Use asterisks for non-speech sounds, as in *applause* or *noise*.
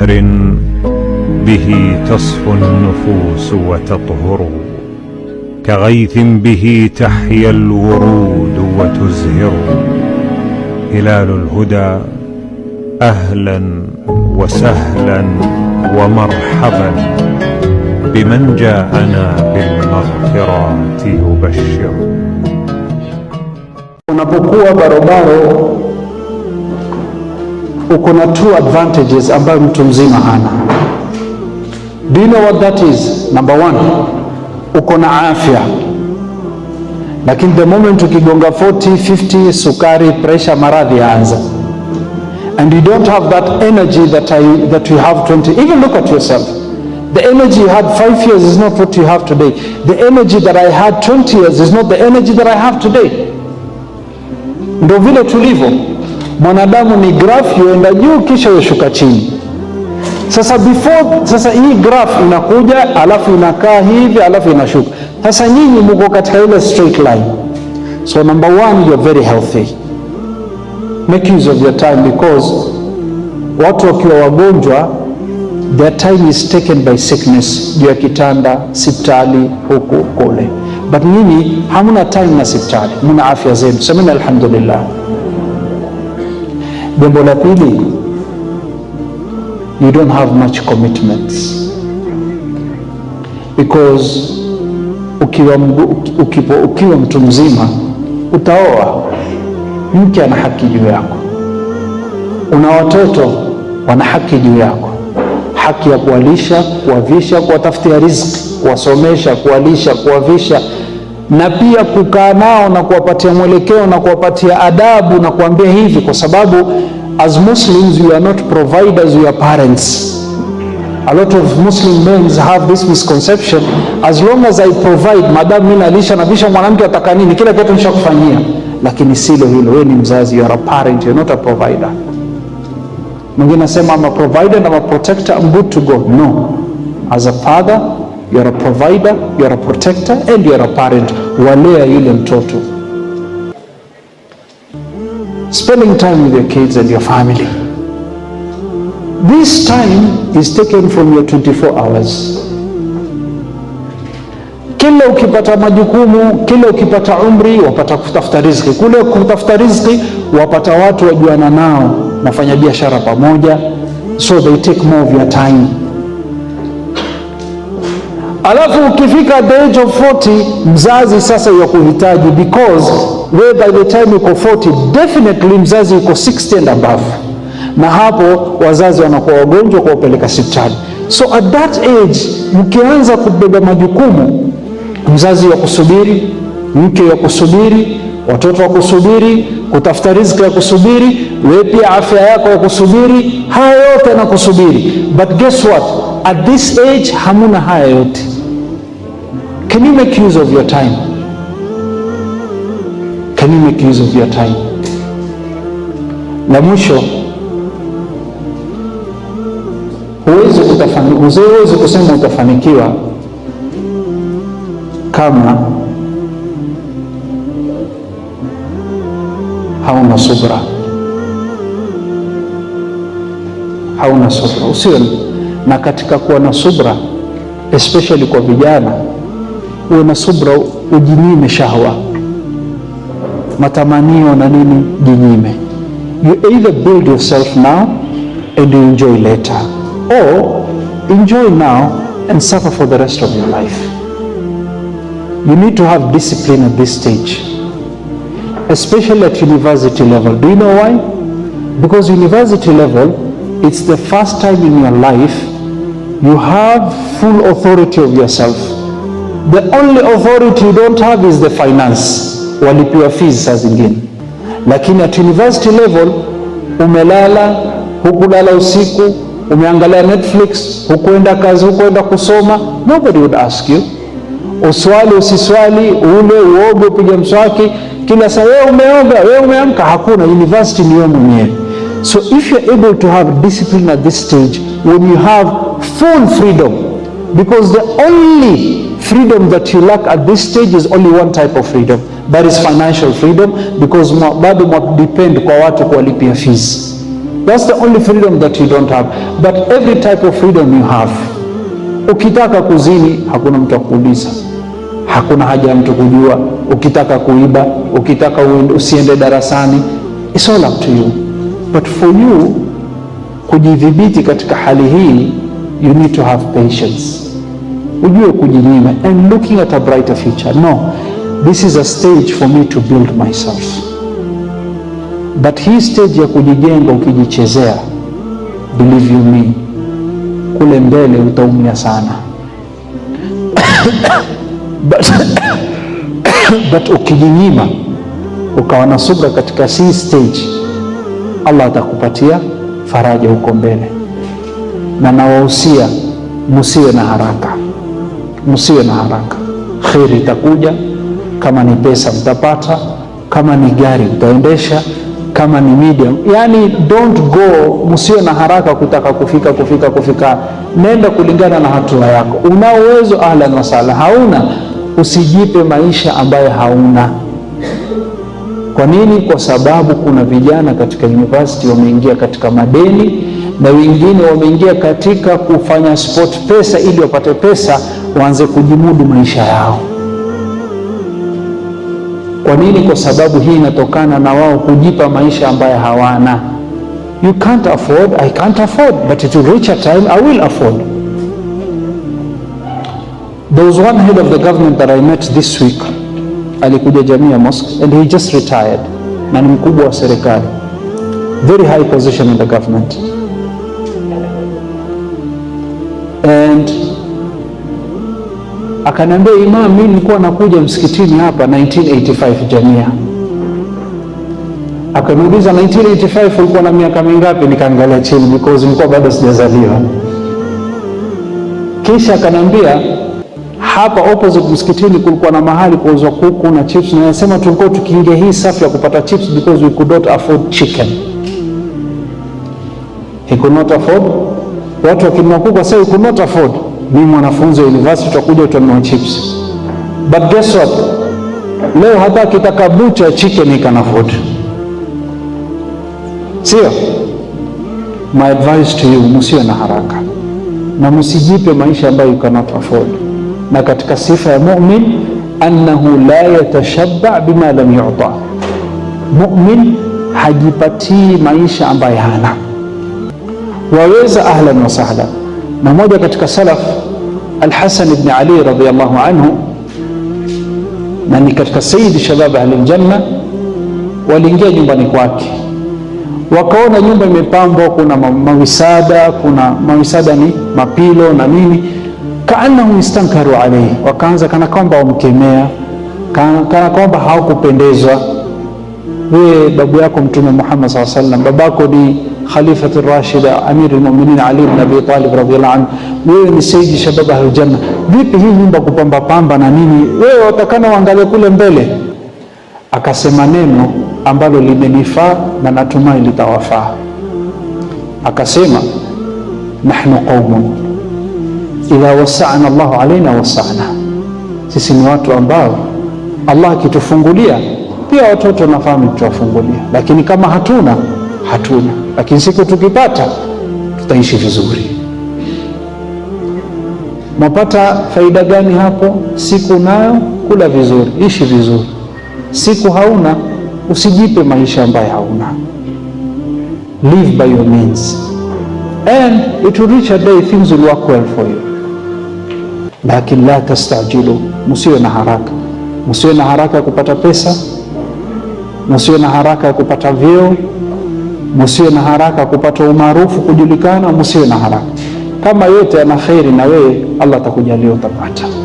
بنهر به تصفو النفوس وتطهر كغيث به تحيا الورود وتزهر هلال الهدى اهلا وسهلا ومرحبا بمن جاءنا بالمغفرات يبشر unapokuwa barobaro uko na two advantages ambayo mtu mzima hana. Do you know what that is? Number one, uko na afya, lakini the moment ukigonga 40, 50, sukari, pressure, maradhi yaanza, and you don't have that energy that I, that you have 20. Even look at yourself. The energy you had five years is not what you have today. The energy that I had 20 years is not the energy that I have today. Ndo vile tulivyo. Mwanadamu ni graph yoenda juu kisha yoshuka chini. Sasa before, sasa hii graph inakuja alafu inakaa hivi alafu inashuka. Sasa nyinyi mko katika ile straight line. So number one, are very healthy. Make use of your time because watu wakiwa wagonjwa their time is taken by sickness, juu ya kitanda, sipitali, huku kule, but nyinyi hamuna time na sipitali, muna afya zenu. Semeni alhamdulillah. Jambo la pili, you don't have much commitments because ukiwa, ukipo, ukiwa mtu mzima utaoa, mke ana haki juu yako, una watoto wana haki juu yako, haki ya kuwalisha, kuwavisha, kuwatafutia riziki, kuwasomesha, kuwalisha, kuwavisha na pia kukaa nao na kuwapatia mwelekeo na kuwapatia adabu na kuambia hivi, kwa sababu as Muslims we are not providers, we are parents. A lot of Muslim men have this misconception, as long as I provide, madam mimi nalisha na visha, mwanamke ataka nini, kila kitu nishakufanyia. Lakini silo hilo, wewe ni mzazi, you are a parent, you are not a provider. Mwingine anasema I'm a provider and I'm a protector, I'm good to go. No, as a father you are a provider, you are a protector and you are a parent. Walea yule mtoto. Spending time with your kids and your family. This time is taken from your 24 hours. Kila ukipata majukumu, kila ukipata umri, wapata kutafuta riziki. Kule kutafuta riziki, wapata watu wajuana nao, nafanya biashara pamoja, so they take more of your time. Alafu ukifika the age of 40 mzazi sasa yakuhitaji, because we by the time uko 40 definitely mzazi uko 60 and above, na hapo wazazi wanakuwa wagonjwa upeleka hospitali. So at that age mkianza kubeba majukumu, mzazi ya kusubiri, mke ya kusubiri, watoto wa kusubiri, kutafuta riziki ya kusubiri, wewe pia afya yako ya kusubiri, haya yote na kusubiri. But guess what, at this age hamuna haya yote Can you make use of your time? Can you make use of your time? La mwisho, huwezi kusema utafanikiwa kama hauna subra, hauna subra usiwe na katika kuwa na subra, especially kwa vijana uwe na subra, ujinyime shahwa, matamanio na nini, jinyime. You either build yourself now and you enjoy later or enjoy now and suffer for the rest of your life. You need to have discipline at this stage, especially at university level. Do you know why? Because university level, it's the first time in your life you have full authority of yourself. The only authority you don't have is the finance, walipiwa fees saa zingine, lakini at university level umelala, hukulala usiku, umeangalia Netflix, hukuenda kazi, hukuenda kusoma, nobody would ask you. Uswali usiswali, ule uoge, upige mswaki, kila saa wewe umeoga, wewe umeamka, hakuna. University ni wewe mwenyewe. So if you are able to have discipline at this stage when you have full freedom because the only Freedom that you lack at this stage is only one type of freedom, that is financial freedom because bado depend kwa watu kuwalipia fees. That's the only freedom that you don't have, but every type of freedom you have. Ukitaka kuzini hakuna mtu akuuliza, hakuna haja ya mtu kujua. Ukitaka kuiba, ukitaka usiende darasani, it's all up to you. But for you kujidhibiti katika hali hii, you need to have patience ujue kujinyima and looking at a brighter future no this is a stage for me to build myself but hii stage ya kujijenga ukijichezea believe you me kule mbele utaumia sana *coughs* but, *coughs* but ukijinyima ukawa na subra katika hii stage Allah atakupatia faraja huko mbele na nawahusia musiwe na haraka msiwe na haraka. Kheri itakuja. Kama ni pesa mtapata, kama ni gari mtaendesha, kama ni medium. Yani don't go, msiwe na haraka kutaka kufika kufika kufika. Nenda kulingana na hatua yako. Una uwezo, ahlan wasala. Hauna, usijipe maisha ambayo hauna. Kwa nini? Kwa sababu kuna vijana katika university wameingia katika madeni na wengine wameingia katika kufanya sport pesa ili wapate pesa waanze kujimudu maisha yao. Kwa nini? Kwa sababu hii inatokana na wao kujipa maisha ambayo hawana. You can't afford, I can't afford, but it will reach a time I will afford. There was one head of the government that I met this week. Alikuja Jamia Mosque and he just retired, na ni mkubwa wa serikali, very high position in the government Akaniambia imam, mimi nilikuwa nakuja msikitini hapa 1985 Jamia. Akaniuliza 1985 ulikuwa na miaka mingapi? Nikaangalia chini because nilikuwa bado sijazaliwa. Kisha akaniambia hapa opposite msikitini kulikuwa na mahali kuuzwa kuku na chips, na anasema tulikuwa tukiingia hii safu ya kupata chips because we could not afford chicken. He could not afford, watu wakinunua kuku sasa, we could not afford mimi mwanafunzi wa university, utakuja utanunua chips. But guess what, leo hata akitaka bucha chicken kana food, sio? My advice to you, musiwe na haraka na msijipe maisha ambayo you cannot afford. Na katika sifa ya mu'min annahu la yatashabba bima lam yu'ta, mu'min hajipatii maisha ambayo hana. Waweza ahlan wa sahlan na mmoja katika salaf Alhasan ibn Ali radhiyallahu anhu, na ni katika sayidi shabab ahliljanna, waliingia nyumbani kwake wakaona nyumba imepambwa, kuna mawisada, kuna mawisada ni mapilo na nini, kaanahum istankaru alayhi, wakaanza kana kwamba wamkemea, kana kwamba hawakupendezwa. Wewe babu yako Mtume Muhammad sallallahu alaihi wasallam, babako ni Khalifati Rashida Amiri Almu'minin Ali ibn Abi Talib radhiyallahu anhu, wewe ni sayyidi shabab aljanna. Vipi hii nyumba kupamba pamba na nini? Wewe watakana uangalie kule mbele. Akasema neno ambalo limenifaa na natumai litawafaa. Akasema nahnu qaumun idha wasa'ana Allahu alaina wasa'na, sisi ni watu ambao Allah akitufungulia, pia watoto nafahamu tuwafungulia, lakini kama hatuna hatuna lakini siku tukipata tutaishi vizuri. Mwapata faida gani hapo? Siku nayo kula vizuri, ishi vizuri. Siku hauna usijipe maisha ambayo hauna. Live by your means and it will reach a day things will work well for you, lakini la tastajilu, musiwe na haraka, musiwe na haraka ya kupata pesa, musiwe na haraka ya kupata vyeo musiwe na haraka kupata umaarufu, kujulikana, musiwe na haraka. Kama yote yana kheri na wewe Allah atakujalia utapata.